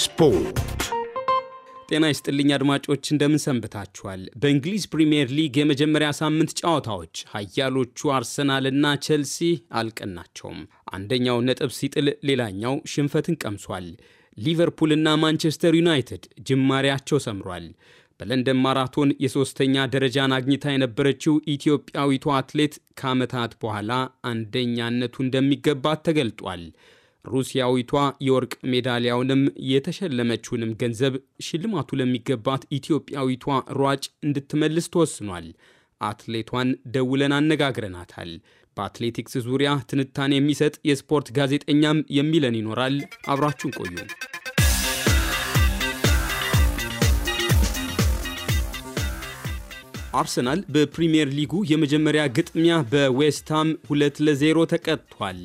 ስፖርት ጤና ይስጥልኝ አድማጮች፣ እንደምን ሰንብታችኋል? በእንግሊዝ ፕሪምየር ሊግ የመጀመሪያ ሳምንት ጨዋታዎች ኃያሎቹ አርሰናልና ቼልሲ አልቀናቸውም። አንደኛው ነጥብ ሲጥል፣ ሌላኛው ሽንፈትን ቀምሷል። ሊቨርፑልና ማንቸስተር ዩናይትድ ጅማሬያቸው ሰምሯል። በለንደን ማራቶን የሶስተኛ ደረጃን አግኝታ የነበረችው ኢትዮጵያዊቱ አትሌት ከዓመታት በኋላ አንደኛነቱ እንደሚገባት ተገልጧል። ሩሲያዊቷ የወርቅ ሜዳሊያውንም የተሸለመችውንም ገንዘብ ሽልማቱ ለሚገባት ኢትዮጵያዊቷ ሯጭ እንድትመልስ ተወስኗል። አትሌቷን ደውለን አነጋግረናታል። በአትሌቲክስ ዙሪያ ትንታኔ የሚሰጥ የስፖርት ጋዜጠኛም የሚለን ይኖራል። አብራችሁን ቆዩ። አርሰናል በፕሪምየር ሊጉ የመጀመሪያ ግጥሚያ በዌስትሃም 2 ለ0 ተቀጥቷል።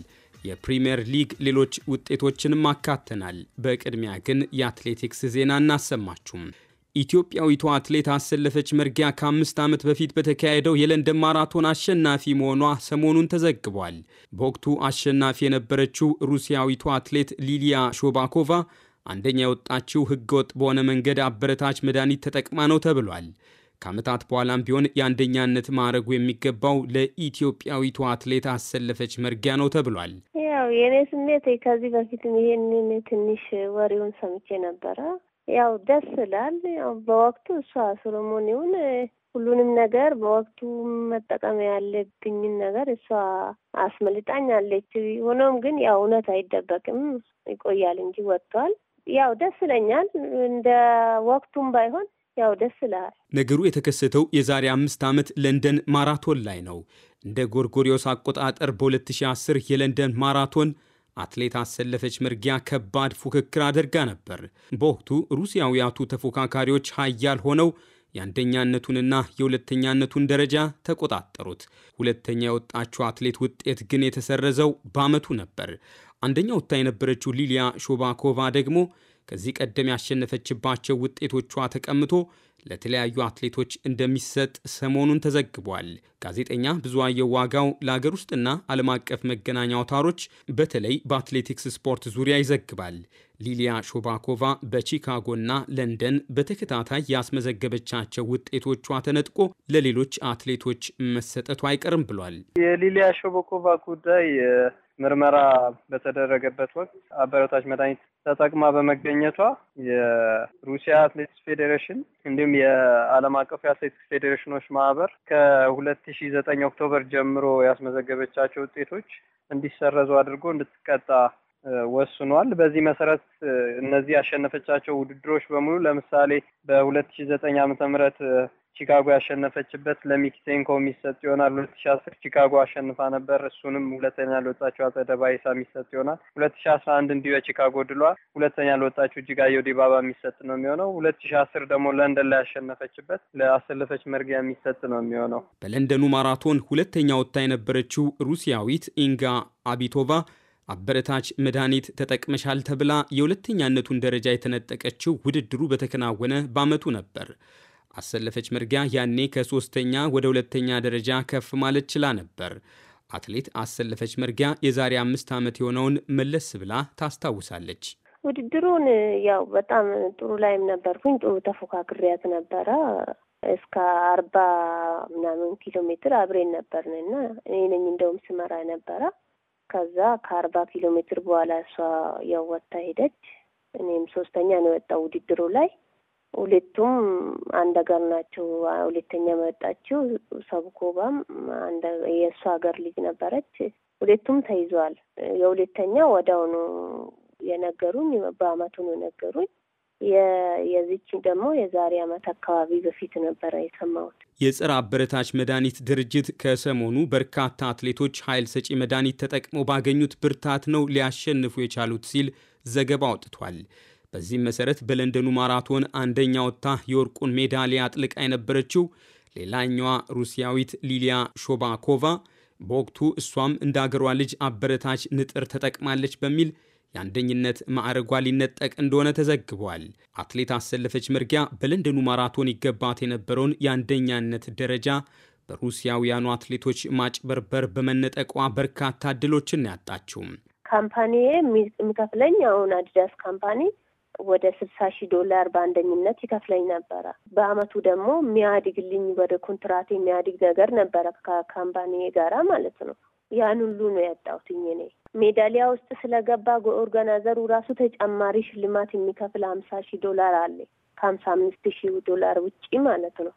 የፕሪምየር ሊግ ሌሎች ውጤቶችንም አካተናል። በቅድሚያ ግን የአትሌቲክስ ዜና እናሰማችሁም። ኢትዮጵያዊቷ አትሌት አሰለፈች መርጊያ ከአምስት ዓመት በፊት በተካሄደው የለንደን ማራቶን አሸናፊ መሆኗ ሰሞኑን ተዘግቧል። በወቅቱ አሸናፊ የነበረችው ሩሲያዊቷ አትሌት ሊሊያ ሾባኮቫ አንደኛ የወጣችው ሕገወጥ በሆነ መንገድ አበረታች መድኃኒት ተጠቅማ ነው ተብሏል። ከዓመታት በኋላም ቢሆን የአንደኛነት ማዕረጉ የሚገባው ለኢትዮጵያዊቱ አትሌት አሰለፈች መርጊያ ነው ተብሏል። ያው የእኔ ስሜት ከዚህ በፊትም ይሄንን ትንሽ ወሬውን ሰምቼ ነበረ። ያው ደስ ይላል። ያው በወቅቱ እሷ ይሁን ሁሉንም ነገር በወቅቱ መጠቀም ያለብኝን ነገር እሷ አስመልጣኝ አለች። ሆኖም ግን ያው እውነት አይደበቅም ይቆያል እንጂ ወጥቷል። ያው ደስ ይለኛል እንደ ወቅቱም ባይሆን ያው ደስ ይላል። ነገሩ የተከሰተው የዛሬ አምስት ዓመት ለንደን ማራቶን ላይ ነው። እንደ ጎርጎሪዮስ አቆጣጠር በ2010 የለንደን ማራቶን አትሌት አሰለፈች መርጊያ ከባድ ፉክክር አድርጋ ነበር። በወቅቱ ሩሲያውያቱ ተፎካካሪዎች ሀያል ሆነው የአንደኛነቱንና የሁለተኛነቱን ደረጃ ተቆጣጠሩት። ሁለተኛ የወጣችው አትሌት ውጤት ግን የተሰረዘው በዓመቱ ነበር። አንደኛ ወጥታ የነበረችው ሊሊያ ሾባኮቫ ደግሞ ከዚህ ቀደም ያሸነፈችባቸው ውጤቶቿ ተቀምጦ ለተለያዩ አትሌቶች እንደሚሰጥ ሰሞኑን ተዘግቧል። ጋዜጠኛ ብዙአየሁ ዋጋው ለአገር ውስጥና ዓለም አቀፍ መገናኛ አውታሮች በተለይ በአትሌቲክስ ስፖርት ዙሪያ ይዘግባል። ሊሊያ ሾባኮቫ በቺካጎና ለንደን በተከታታይ ያስመዘገበቻቸው ውጤቶቿ ተነጥቆ ለሌሎች አትሌቶች መሰጠቱ አይቀርም ብሏል። የሊሊያ ሾባኮቫ ጉዳይ ምርመራ በተደረገበት ወቅት አበረታች መድኃኒት ተጠቅማ በመገኘቷ የሩሲያ አትሌቲክስ ፌዴሬሽን እንዲሁም የዓለም አቀፉ የአትሌቲክስ ፌዴሬሽኖች ማህበር ከሁለት ሺ ዘጠኝ ኦክቶበር ጀምሮ ያስመዘገበቻቸው ውጤቶች እንዲሰረዙ አድርጎ እንድትቀጣ ወስኗል። በዚህ መሰረት እነዚህ ያሸነፈቻቸው ውድድሮች በሙሉ ለምሳሌ በሁለት ሺ ዘጠኝ ዓመተ ምህረት ቺካጎ ያሸነፈችበት ለሚኪቴንኮ የሚሰጥ ይሆናል። ሁለት ሺ አስር ቺካጎ አሸንፋ ነበር። እሱንም ሁለተኛ ለወጣችው አጸደባይሳ ባይሳ የሚሰጥ ይሆናል። ሁለት ሺ አስራ አንድ እንዲሁ የቺካጎ ድሏ ሁለተኛ ለወጣችው እጅጋየሁ ዲባባ የሚሰጥ ነው የሚሆነው። ሁለት ሺ አስር ደግሞ ለንደን ላይ ያሸነፈችበት ለአሰለፈች መርጊያ የሚሰጥ ነው የሚሆነው። በለንደኑ ማራቶን ሁለተኛ ወጥታ የነበረችው ሩሲያዊት ኢንጋ አቢቶቫ አበረታች መድኃኒት ተጠቅመሻል ተብላ የሁለተኛነቱን ደረጃ የተነጠቀችው ውድድሩ በተከናወነ በዓመቱ ነበር። አሰለፈች መርጊያ ያኔ ከሶስተኛ ወደ ሁለተኛ ደረጃ ከፍ ማለት ችላ ነበር። አትሌት አሰለፈች መርጊያ የዛሬ አምስት ዓመት የሆነውን መለስ ብላ ታስታውሳለች። ውድድሩን ያው በጣም ጥሩ ላይም ነበርኩኝ። ጥሩ ተፎካክሪያት ነበረ እስከ አርባ ምናምን ኪሎ ሜትር አብሬን ነበርን እና እኔ ነኝ እንደውም ስመራ ነበረ ከዛ ከአርባ ኪሎ ሜትር በኋላ እሷ ያወታ ሄደች። እኔም ሶስተኛ ነው የወጣው ውድድሩ ላይ ሁለቱም አንድ ሀገር ናቸው። ሁለተኛ መጣችው ሰብኮባም የእሷ ሀገር ልጅ ነበረች። ሁለቱም ተይዘዋል። የሁለተኛ ወዲያውኑ የነገሩኝ በአመቱ ነው የነገሩኝ። የዚችን ደግሞ የዛሬ ዓመት አካባቢ በፊት ነበረ የሰማሁት። የጸረ አበረታች መድኃኒት ድርጅት ከሰሞኑ በርካታ አትሌቶች ኃይል ሰጪ መድኃኒት ተጠቅመው ባገኙት ብርታት ነው ሊያሸንፉ የቻሉት ሲል ዘገባ አውጥቷል። በዚህም መሰረት በለንደኑ ማራቶን አንደኛ ወጥታ የወርቁን ሜዳሊያ አጥልቃ የነበረችው ሌላኛዋ ሩሲያዊት ሊሊያ ሾባኮቫ በወቅቱ እሷም እንደ አገሯ ልጅ አበረታች ንጥር ተጠቅማለች በሚል የአንደኝነት ማዕረጓ ሊነጠቅ እንደሆነ ተዘግቧል። አትሌት አሰለፈች መርጊያ በለንደኑ ማራቶን ይገባት የነበረውን የአንደኛነት ደረጃ በሩሲያውያኑ አትሌቶች ማጭበርበር በመነጠቋ በርካታ እድሎችን ያጣችውም። ካምፓኒዬ የሚከፍለኝ አሁን አዲዳስ ካምፓኒ ወደ ስልሳ ሺህ ዶላር በአንደኝነት ይከፍለኝ ነበረ። በአመቱ ደግሞ የሚያድግልኝ ወደ ኮንትራት የሚያድግ ነገር ነበረ ከካምፓኒ ጋራ ማለት ነው። ያን ሁሉ ነው ያጣሁትኝ እኔ ሜዳሊያ ውስጥ ስለገባ ኦርጋናይዘሩ ራሱ ተጨማሪ ሽልማት የሚከፍል ሀምሳ ሺህ ዶላር አለ ከሀምሳ አምስት ሺህ ዶላር ውጪ ማለት ነው።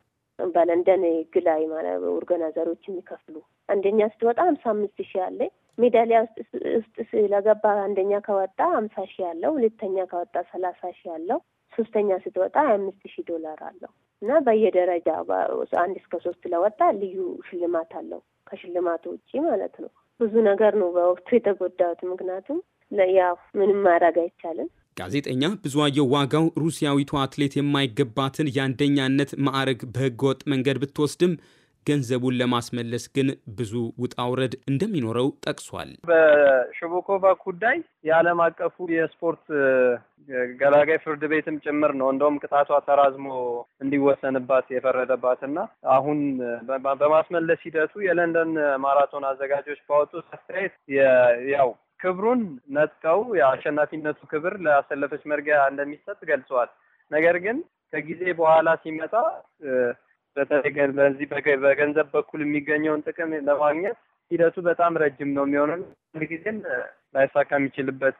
በለንደን ህግ ላይ ማለት ኦርጋናይዘሮች የሚከፍሉ አንደኛ ስትወጣ ሀምሳ አምስት ሺህ አለ። ሜዳሊያ ውስጥ ስለገባ አንደኛ ከወጣ ሀምሳ ሺህ አለው። ሁለተኛ ከወጣ ሰላሳ ሺህ አለው። ሶስተኛ ስትወጣ ሀያ አምስት ሺህ ዶላር አለው እና በየደረጃ አንድ እስከ ሶስት ለወጣ ልዩ ሽልማት አለው ከሽልማቱ ውጪ ማለት ነው። ብዙ ነገር ነው በወቅቱ የተጎዳሁት። ምክንያቱም ያው ምንም ማድረግ አይቻልም። ጋዜጠኛ ብዙአየሁ ዋጋው ሩሲያዊቱ አትሌት የማይገባትን የአንደኛነት ማዕረግ በህገወጥ መንገድ ብትወስድም ገንዘቡን ለማስመለስ ግን ብዙ ውጣ ውረድ እንደሚኖረው ጠቅሷል። በሽቡኮቫ ጉዳይ የዓለም አቀፉ የስፖርት ገላጋይ ፍርድ ቤትም ጭምር ነው እንደውም ቅጣቷ ተራዝሞ እንዲወሰንባት የፈረደባት እና አሁን በማስመለስ ሂደቱ የለንደን ማራቶን አዘጋጆች ባወጡት አስተያየት ያው ክብሩን ነጥቀው የአሸናፊነቱ ክብር ለአሰለፈች መርጊያ እንደሚሰጥ ገልጸዋል። ነገር ግን ከጊዜ በኋላ ሲመጣ በተለይ በዚህ በገንዘብ በኩል የሚገኘውን ጥቅም ለማግኘት ሂደቱ በጣም ረጅም ነው የሚሆነው። ጊዜም ላይሳካ የሚችልበት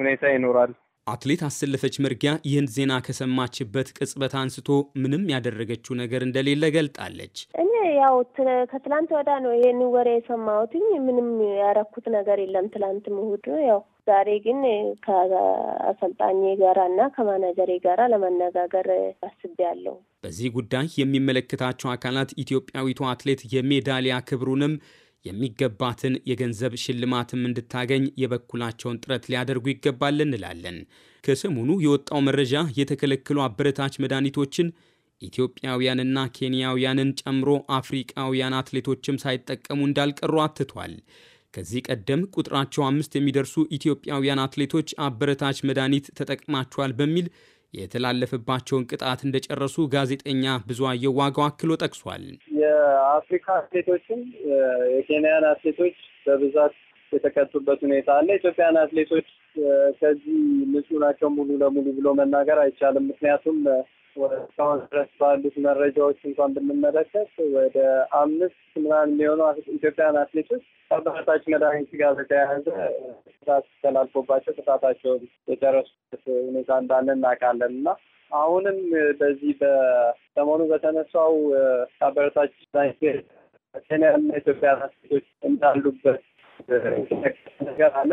ሁኔታ ይኖራል። አትሌት አሰለፈች መርጊያ ይህን ዜና ከሰማችበት ቅጽበት አንስቶ ምንም ያደረገችው ነገር እንደሌለ ገልጣለች። እኔ ያው ከትላንት ወዳ ነው ይህን ወሬ የሰማሁትኝ። ምንም ያረኩት ነገር የለም። ትላንት ምሁድ ያው ዛሬ ግን ከአሰልጣኝ ጋራ እና ከማናጀሬ ጋራ ለመነጋገር አስቤያለሁ። በዚህ ጉዳይ የሚመለከታቸው አካላት ኢትዮጵያዊቱ አትሌት የሜዳሊያ ክብሩንም የሚገባትን የገንዘብ ሽልማትም እንድታገኝ የበኩላቸውን ጥረት ሊያደርጉ ይገባል እንላለን። ከሰሞኑ የወጣው መረጃ የተከለከሉ አበረታች መድኃኒቶችን ኢትዮጵያውያንና ኬንያውያንን ጨምሮ አፍሪቃውያን አትሌቶችም ሳይጠቀሙ እንዳልቀሩ አትቷል። ከዚህ ቀደም ቁጥራቸው አምስት የሚደርሱ ኢትዮጵያውያን አትሌቶች አበረታች መድኃኒት ተጠቅማቸዋል በሚል የተላለፈባቸውን ቅጣት እንደጨረሱ ጋዜጠኛ ብዙአየሁ ዋጋው አክሎ ጠቅሷል። የአፍሪካ አትሌቶችም የኬንያን አትሌቶች በብዛት የተቀጡበት ሁኔታ አለ። ኢትዮጵያን አትሌቶች ከዚህ ንጹህ ናቸው ሙሉ ለሙሉ ብሎ መናገር አይቻልም። ምክንያቱም እስካሁን ድረስ ባሉት መረጃዎች እንኳን ብንመለከት ወደ አምስት ምናምን የሚሆኑ ኢትዮጵያን አትሌቶች ከበረታች መድኃኒት ጋር በተያያዘ ቅጣት ተላልፎባቸው ጥፋታቸውን የጨረሱበት ሁኔታ እንዳለ እናውቃለን እና አሁንም በዚህ በሰሞኑ በተነሳው ከበረታች መድኃኒት ኬንያና ኢትዮጵያውያን አትሌቶች እንዳሉበት ነገር አለ።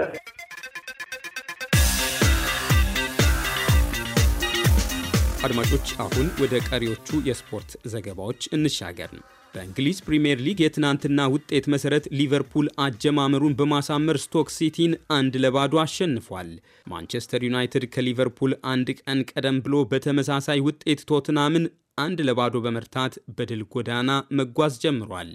አድማጮች አሁን ወደ ቀሪዎቹ የስፖርት ዘገባዎች እንሻገር። በእንግሊዝ ፕሪምየር ሊግ የትናንትና ውጤት መሰረት ሊቨርፑል አጀማመሩን በማሳመር ስቶክ ሲቲን አንድ ለባዶ አሸንፏል። ማንቸስተር ዩናይትድ ከሊቨርፑል አንድ ቀን ቀደም ብሎ በተመሳሳይ ውጤት ቶትናምን አንድ ለባዶ በመርታት በድል ጎዳና መጓዝ ጀምሯል።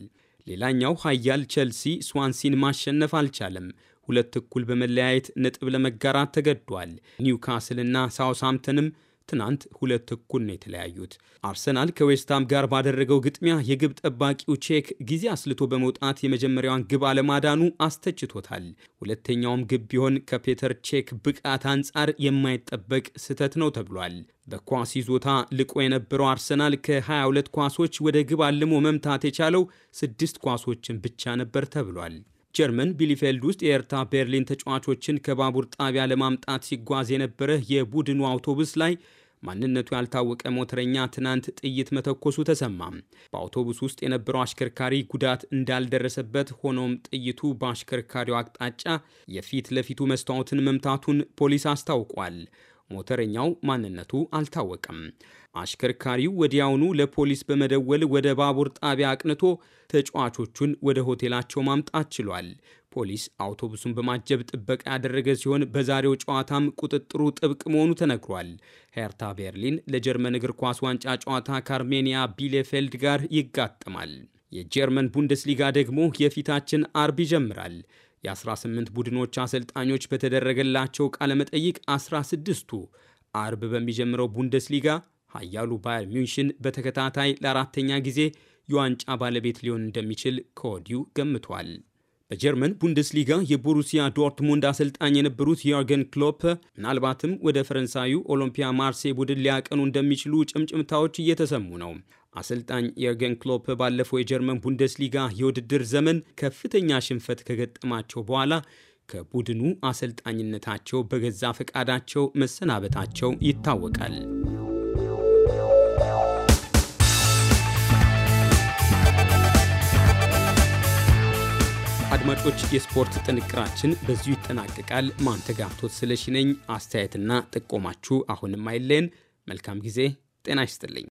ሌላኛው ኃያል ቼልሲ ስዋንሲን ማሸነፍ አልቻለም። ሁለት እኩል በመለያየት ነጥብ ለመጋራት ተገዷል። ኒውካስልና ሳውስሃምፕተንም ትናንት ሁለት እኩል ነው የተለያዩት። አርሰናል ከዌስትሃም ጋር ባደረገው ግጥሚያ የግብ ጠባቂው ቼክ ጊዜ አስልቶ በመውጣት የመጀመሪያዋን ግብ አለማዳኑ አስተችቶታል። ሁለተኛውም ግብ ቢሆን ከፔተር ቼክ ብቃት አንጻር የማይጠበቅ ስህተት ነው ተብሏል። በኳስ ይዞታ ልቆ የነበረው አርሰናል ከ22 ኳሶች ወደ ግብ አልሞ መምታት የቻለው ስድስት ኳሶችን ብቻ ነበር ተብሏል። ጀርመን ቢሊፌልድ ውስጥ የኤርታ ቤርሊን ተጫዋቾችን ከባቡር ጣቢያ ለማምጣት ሲጓዝ የነበረ የቡድኑ አውቶቡስ ላይ ማንነቱ ያልታወቀ ሞተረኛ ትናንት ጥይት መተኮሱ ተሰማ። በአውቶቡስ ውስጥ የነበረው አሽከርካሪ ጉዳት እንዳልደረሰበት፣ ሆኖም ጥይቱ በአሽከርካሪው አቅጣጫ የፊት ለፊቱ መስታወትን መምታቱን ፖሊስ አስታውቋል። ሞተረኛው ማንነቱ አልታወቀም። አሽከርካሪው ወዲያውኑ ለፖሊስ በመደወል ወደ ባቡር ጣቢያ አቅንቶ ተጫዋቾቹን ወደ ሆቴላቸው ማምጣት ችሏል። ፖሊስ አውቶቡሱን በማጀብ ጥበቃ ያደረገ ሲሆን በዛሬው ጨዋታም ቁጥጥሩ ጥብቅ መሆኑ ተነግሯል። ሄርታ ቤርሊን ለጀርመን እግር ኳስ ዋንጫ ጨዋታ ከአርሜኒያ ቢሌፌልድ ጋር ይጋጠማል። የጀርመን ቡንደስሊጋ ደግሞ የፊታችን አርብ ይጀምራል። የ18 ቡድኖች አሰልጣኞች በተደረገላቸው ቃለመጠይቅ 16ቱ አርብ በሚጀምረው ቡንደስሊጋ ኃያሉ ባየር ሚንሽን በተከታታይ ለአራተኛ ጊዜ የዋንጫ ባለቤት ሊሆን እንደሚችል ከወዲሁ ገምቷል። በጀርመን ቡንደስሊጋ የቦሩሲያ ዶርትሙንድ አሰልጣኝ የነበሩት ዮርገን ክሎፕ ምናልባትም ወደ ፈረንሳዩ ኦሎምፒያ ማርሴ ቡድን ሊያቀኑ እንደሚችሉ ጭምጭምታዎች እየተሰሙ ነው። አሰልጣኝ የርገን ክሎፕ ባለፈው የጀርመን ቡንደስሊጋ የውድድር ዘመን ከፍተኛ ሽንፈት ከገጠማቸው በኋላ ከቡድኑ አሰልጣኝነታቸው በገዛ ፈቃዳቸው መሰናበታቸው ይታወቃል። አድማጮች፣ የስፖርት ጥንቅራችን በዚሁ ይጠናቀቃል። ማንተጋፍቶት ስለሽነኝ አስተያየትና ጥቆማችሁ አሁንም አይለን መልካም ጊዜ። ጤና ይስጥልኝ።